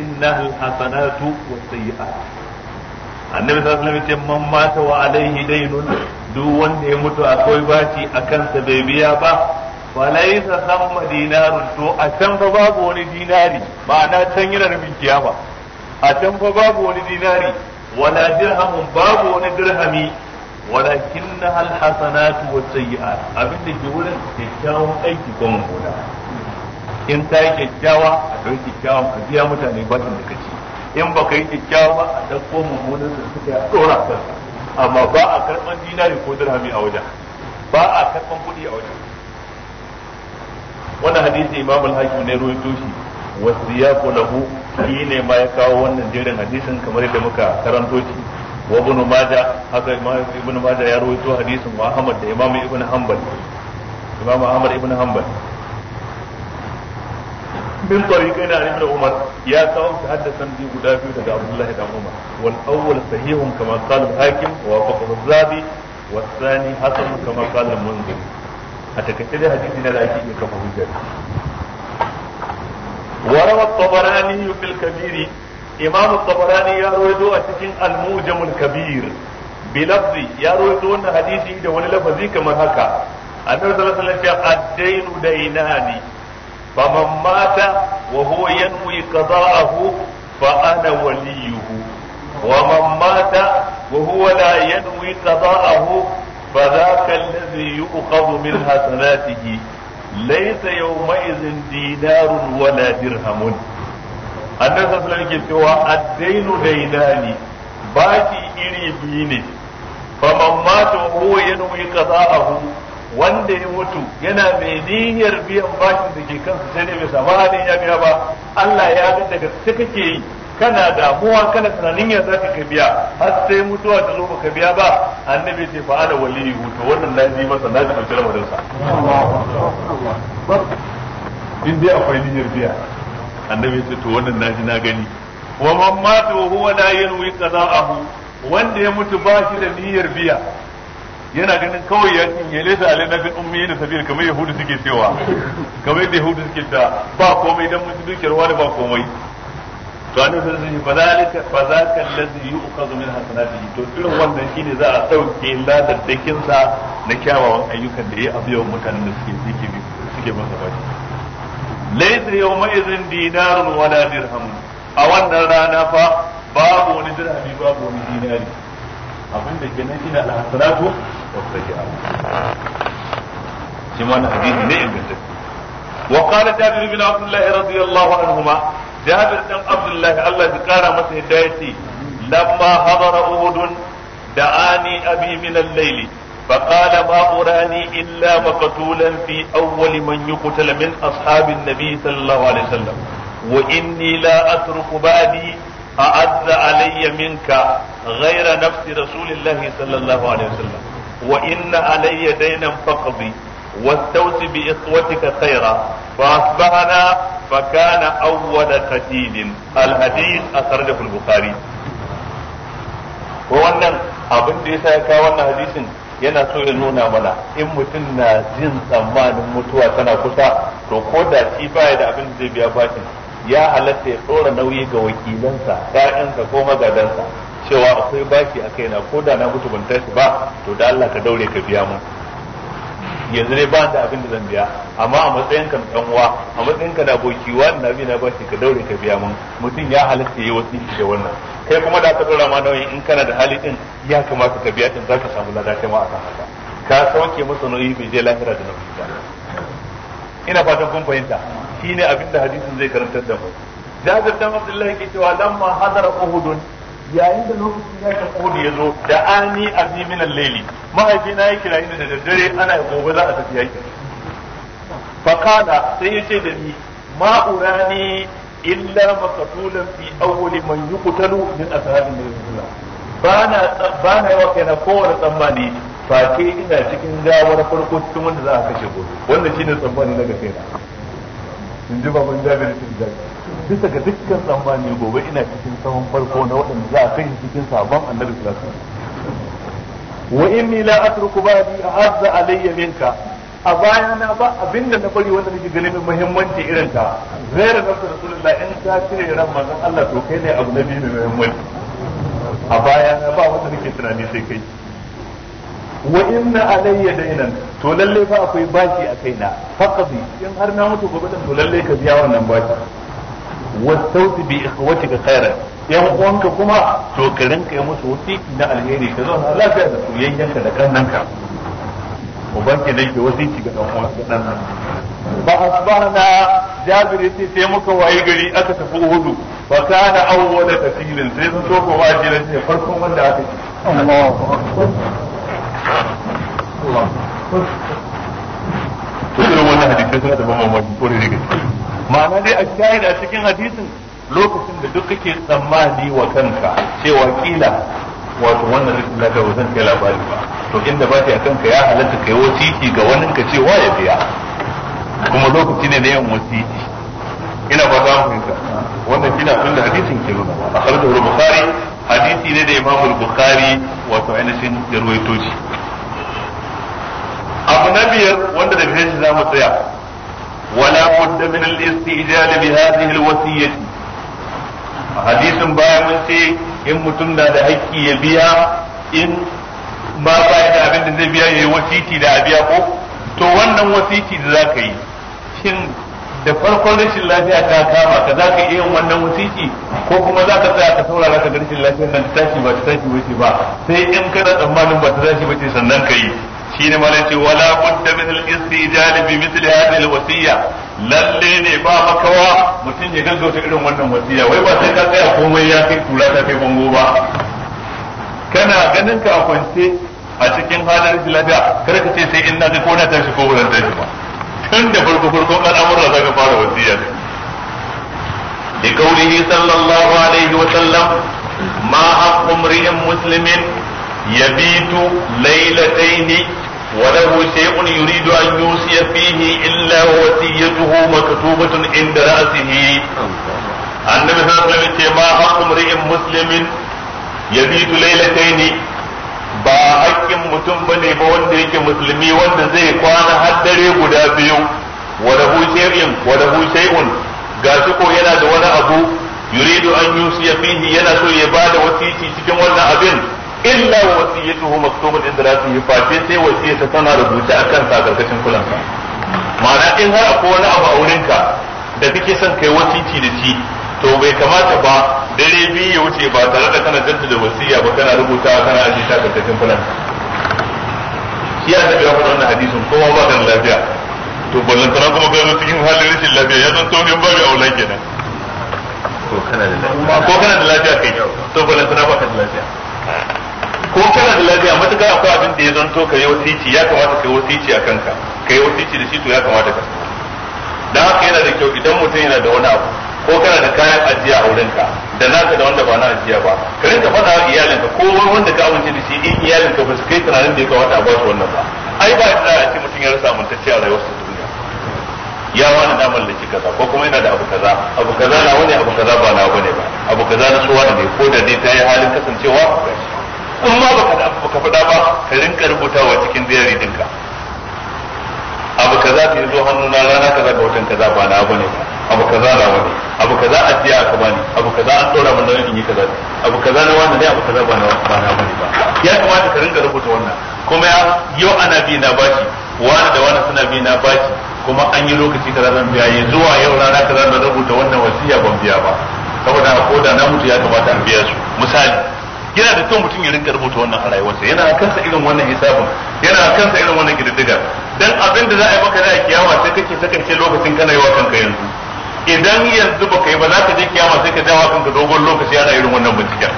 innahal hasanatu was-sayyi'at annabi sallallahu alaihi wasallam ya mata wa alaihi daynun wanda ya mutu akwai baci a kansa bai biya ba falaisa samma dinarun to a can babu wani dinari ma'ana can yana nufin kiyama a can babu wani dinari wala dirhamun babu wani dirhami walakinna al hasanatu da ke wurin aiki ko in ta yi kyakkyawa a ɗauki kyakkyawa a biya mutane bakin da kaci in ba ka yi kyakkyawa ba a ɗauko mummunan da suka yi a ɗora kan amma ba a karɓar dinari ko dirhami a wajen ba a karɓar kuɗi a wajen wannan hadisi imam al-hakim ne ruwan Toshi, wasu ya lahu shi ne ma ya kawo wannan jerin hadisin kamar yadda muka karanto shi wa ibn majah haka imam ibn majah ya ruwaito hadisin wa ahmad da imam ibn hanbal imam ahmad ibn hanbal min tariqain an ibn umar ya kawo shi hadda sanadi guda biyu daga abdullahi dan umar wal awwal sahihun kama qala hakim wa wafaqahu zabi wa thani hasan kama qala munzir a takaice da hadisi na da ake iya kafa hujja وروى الطبراني في الكبير إمام الطبراني يروي أتكين الموجم الكبير بلفظ يروي دون حديثي دون لفظي كما هكا النبي صلى الله عليه وسلم الدين ديناني faman mata wa huwa yanwi qada'ahu fa ana waliyuhu wa man mata wa huwa la yanwi qada'ahu fa dhaka alladhi yu'khadhu min hasanatihi laysa yawma'idhin dinarun wala dirhamun annabi sallallahu alaihi wasallam ke cewa ad-dainu baki iri biyu ne faman wanda ya mutu yana mai niyyar biyan bashin da ke kansa sai dai bai samu halin ya biya ba Allah ya ga daga sai kake yi kana damuwa kana tunanin ya zaka ka biya har sai mutuwa ta zo baka biya ba annabi ce fa ana waliyi to wannan na ji masa na ji ɗauki lamarin sa in dai akwai niyyar biya annabi ce to wannan na ji na gani wa mamma to huwa la yanwi qada'ahu wanda ya mutu ba shi da niyyar biya yana ganin kawai ya cinye lesa na bin ummi da safiyar kamar yahudu suke cewa kamar yadda yahudu suke ta ba komai dan mutu dukiyar wani ba komai to an zai yi ba za fa zalika yi zaka allazi hasana da yi to irin wannan shi ne za a ɗauke ladaddakin sa na kyawawan ayyukan da ya a mutanen da suke suke suke masa bashi laysa yawma idhin dinarun wala dirham a wannan rana fa babu wani dirhami babu wani dinari abin da kenan shine al-hasanatu wa sayyi'at shi ma na hadisi ne ingantacce wa qala jabir bin abdullah radiyallahu anhuma jabir dan abdullah Allah ya kara masa hidayati lamma hadara uhud da'ani abi min al-layli فقال ما أراني إلا مقتولا في أول من يقتل من أصحاب النبي صلى الله عليه وسلم وإني لا أترك بعدي أعز علي منك غير نفس رسول الله صلى الله عليه وسلم وإن علي دينا فقضي واستوس بإخوتك خيرا فأصبحنا فكان أول قتيل الحديث أخرجه البخاري wannan abin da yasa ya kawo wannan hadisin yana so ya nuna mana in mutum na jin tsammanin mutuwa tana kusa to ko da shi baya da abin da zai biya bashin ya halatta ya tsora nauyi ga wakilansa ƴaƴansa ko magadansa cewa akwai baki a kaina ko da na mutu ban tashi ba to da Allah ka daure ka biya mun yanzu dai ba da abin da zan biya amma a matsayin kan dan uwa a matsayin ka da wa na nabi na baki ka daure ka biya mun mutum ya halatta yayi wasi da wannan kai kuma da ka dora ma nauyin in kana da hali din ya kamata ka biya din ka samu lada kai ma akan haka ka sauke masa nauyi bai je lahira da nauyi ba ina fatan kun fahimta shine abin da hadisin zai karantar da mu Jabir dan Abdullahi ke cewa lamma hadara Uhudun yayin da lokacin ya ka kodi ya zo da ani azni min al-layli mahaifina ya kira ni da daddare ana gobe za a tafi yaki fa kana sai ya ce da ni ma urani illa maqtulan fi awwal man yuqtalu min ashabi rasulullah bana bana yawa kana kowane tsammani fa ina cikin gawar farko cikin wanda za a kashe gobe wannan shine tsammani daga kaina in ji baban jabir bin jabir bisa ga dukkan tsammani gobe ina cikin saman farko na waɗanda za a kai cikin sabon annabi sallallahu alaihi wa inni la atruku ba'di a'azza alayya minka a baya na ba abinda na bari wanda nake ganin muhimmanci irin ta zaira na rasulullahi in ta cire ran manzon Allah to kai ne abu nabi mai muhimmanci a baya na ba wanda nake tunani sai kai wa inna alayya dainan to lalle fa akwai baki a kaina faqadi in har na mutu gobe to lalle ka biya wannan baki wasauti bi ikhwatika khairan yan uwanka kuma to ka rinka yi musu wasiki na alheri ka zauna lafiya da su yanyanka da kannanka uban ke nake wasiki ga dan uwanka dan nan ba asbahna jabir yace sai muka wayi gari aka tafi hudu fa kana awwala tafsirin sai sun ko ko ma'ana dai a shahid a cikin hadisin lokacin da duk kake tsammani wa kanka cewa kila wato wannan rikin lafiya ba zan kai labari ba to inda ba a kanka ya halatta kai wasiki ga wani ka cewa ya biya kuma lokaci ne na yin wasiki ina ba za mu fahimta wannan kina tun da hadisin ke nuna a sarda bukhari hadisi ne da imam bukhari wato ainihin ya ruwaito shi abu na biyar wanda da shi za mu tsaya ولا بد من الاستئجال بهذه الوصية حديث بايا من سي إن متمنا ده هكي يبيع إن ما بايا ده أبن ده بيع يوسيتي ده أبيعه to wannan wasiti da za ka yi shin da farkon rashin lafiya ta kama ka za ka iya yin wannan wasiki ko kuma za ka tsaya ka saurara ka da rashin lafiyar nan ta tashi ba ta tashi wuce ba sai in kana tsammanin ba ta tashi ba ce sannan ka yi shine malai ce wala budda min al-istijal bi mithli hadhihi al-wasiya lalle ne ba makawa mutum ya gaggauta irin wannan wasiya wai ba sai ka tsaya komai ya kai kula ta kai bango ba kana ganin ka kwance a cikin halin lafiya kar ka ce sai in na ga ko na tashi ko wurin tashi ba tun da farko farkon al'amuran za zaka fara wasiya da kaulihi sallallahu alaihi wa sallam ma haqqu imri'in muslimin yabitu laylataini وله شيء يريد أن يوصي فيه إلا وصيته مكتوبة عند رأسه النبي صلى الله عليه وسلم ما حق امرئ مسلم يبيت ليلتين ba hakkin mutum ne ba wanda yake musulmi wanda zai kwana har dare guda biyu wa lahu shay'un wa ko yana da wani abu yuridu an yusiya fihi yana so ya ba da wasiti cikin illa wa wasiyatuhu maktubat inda za su yi face sai wasiyata tana rubuta akan sa karkashin kulanka. ma'ana in har akwai wani abu a wurinka da kake son kai wasici da shi to bai kamata ba dare biyu ya wuce ba tare da kana janta da wasiya ba kana rubuta kana aje ta karkashin kulanka. shi ya tafi yawan wannan hadisin kowa ba da lafiya to ballan tana kuma gano cikin halin rashin lafiya ya san tonin ba mai aula kenan ko kana da lafiya ko kana da lafiya kai to ballan tana ba ka da lafiya ko kana da lafiya matuƙa akwai abin da ya zanto ka yi wasici ya kamata ka yi wasici a kanka ka yi wasici da shi to ya kamata ka da haka yana da kyau idan mutum yana da wani abu ko kana da kayan ajiya a wurinka da naka da wanda ba na ajiya ba ka rinka faɗa wa iyalinka ko wani wanda ka amince da shi in iyalinka ba su kai tunanin da ya kamata a ba su wannan ba ai ba da a ce mutum ya rasa amintacce a rayuwarsa ta duniya ya wani na mallaki kaza ko kuma yana da abu kaza abu kaza na wani abu kaza ba na bane ba abu kaza na suwa ne ko da dai ta yi halin kasancewa shi in ma baka baka faɗa ba ka rinka rubutawa cikin diary dinka abu kaza ta zo na rana kaza ga watan kaza ba na bane abu kaza na wani abu kaza a jiya aka bani abu kaza an ɗora mun nauyin in yi kaza abu kaza na wani ne abu kaza ba na ba na bane ba ya kamata ka rinka rubuta wannan kuma yau ana bi na bashi wani da wani suna bi na bashi kuma an yi lokaci kaza zan biya yi zuwa yau rana kaza na rubuta wannan wasiya ban biya ba saboda ko da na mutu ya kamata an biya su misali yana da kyau mutum ya rinka rubuta wannan a rayuwarsa yana kansa irin wannan hisabin yana kansa irin wannan kididdiga dan abin da za a yi maka da kiyama sai kake sakance lokacin kana yi wa kanka yanzu idan yanzu baka yi ba za ka je kiyama sai ka jawa kanka dogon lokaci ana irin wannan binciken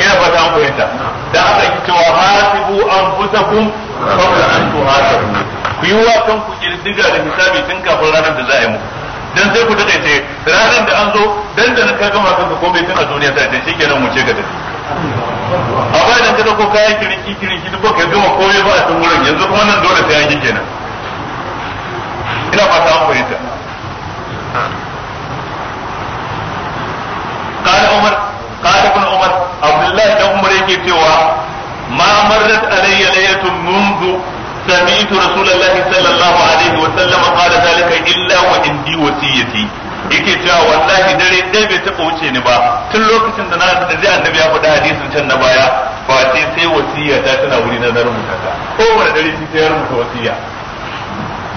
ina fata an fahimta dan haka yake cewa hasibu anfusakum qabla an tuhasabu ku yi wa kanku kididdiga da hisabi tun kafin ranar da za a yi muku dan sai ku dade sai ranar da an zo dan da ka gama kanka komai tun a duniya sai dan shikenan mu ce ka tafi amma idan ka dauko kayan kirki kirki duk ka gama komai ba a tun wurin yanzu kuma nan dole sai an yi kenan ina fata an fahimta قال عمر قال ابن عمر عبد الله بن عمر yake cewa ما مرت علي ليله منذ سمعت رسول الله صلى suka wuce ni ba tun lokacin da na da zai annabi ya faɗa hadisin can na baya ba sai sai wasiya ta tana wuri na na rubuta ta kowane dare shi sai ya rubuta wasiya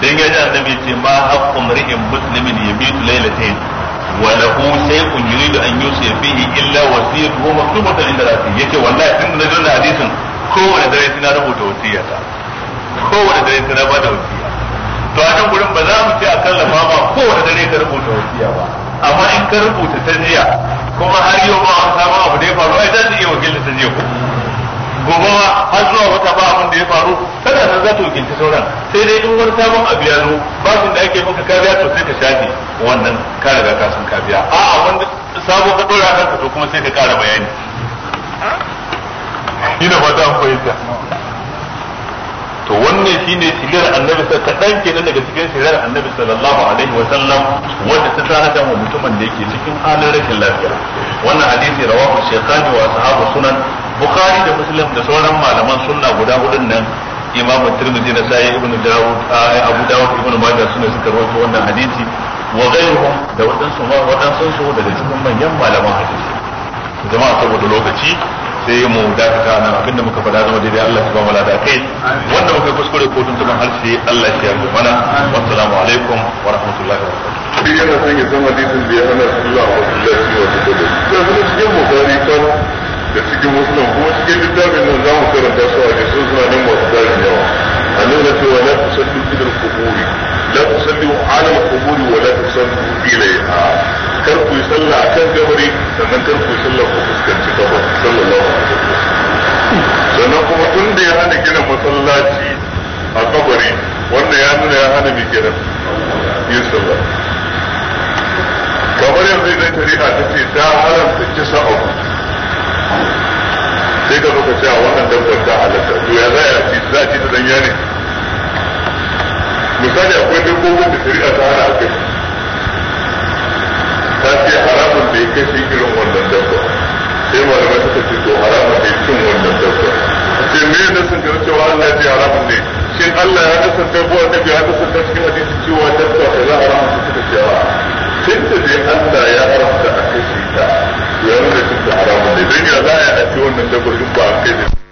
dan ya ji annabi ce ma haqqu mar'in muslimin yabitu laylatayn wa lahu shay'un yuridu an yusiya fihi illa wasiyatuhu maktubatan inda rasi yake wallahi tun da na ji hadisin kowane dare sai na rubuta wasiya ta kowane dare sai na bada wasiya to a nan gurin ba za mu ce a kallafa ba kowane dare ka rubuta wasiya ba amma in ka rubuta ta jiya kuma har yau ba a samu abu da ya faru ai za ta iya wakilta ta jiya gobe ma har zuwa wata ba abin da ya faru kada nan za ta wakilta sauran sai dai in wani sabon abu ya zo su da ake maka kariya to sai ka shafe wannan ka riga ka san kariya a a'a wanda sabo ka dora kanka to kuma sai ka kara bayani ina ba ta fahimta to wannan shine sirar annabi sa kadan kenan daga cikin sirar annabi sallallahu alaihi wa sallam wanda ta tsara da mutumin da yake cikin halin rashin lafiya wannan hadisi rawahu shaykhani wa sahabu sunan bukhari da muslim da sauran malaman sunna guda hudun nan imamu tirmidhi da sai ibnu dawud abu dawud ibn majah suna suka rawaito wannan hadisi wa ghayruhum da wadansu ma wadansu daga cikin manyan malaman hadisi jama'a saboda lokaci sai mu dakata nan abinda muka faɗa zama daidai Allah ya bamu lada kai wanda muka kuskure ko tun tuban harshe Allah ya yi mana assalamu alaikum wa rahmatullahi wa barakatuh yana ya da ya hana sallah wa sallah wa da cikin kan da cikin muslim kuma cikin littafin nan za karanta su a sun suna nan masu yawa a nuna cewa la ala wa la kar ku yi sallah akan gabari sannan kar ku yi sallah ku fuskanci kafa sallallahu alaihi wasallam sannan kuma tun da ya hana gina masallaci a kabari wanda ya nuna ya hana mai gina yin sallah kamar yanzu idan tariha ta ce ta haramta kisa abu sai ka zuka cewa wannan dabbar ta halatta to ya za a ci za a ci ta danya ne misali akwai dabbobin da shari'a ta hana a kai ta ce haramun da ya kashe irin wannan dabba sai malamai suka ce to haramun da ya cin wannan dabba ce me ne sun ga cewa Allah ya ce haramun ne shin Allah ya kasance ko annabi ya kasance cikin cewa dabba da za haramun su suka ce a tun ta dai Allah ya haramta a kashe ta ya nuna cikin haramun ne don ya za a yi a ce wannan dabba in ba a kai da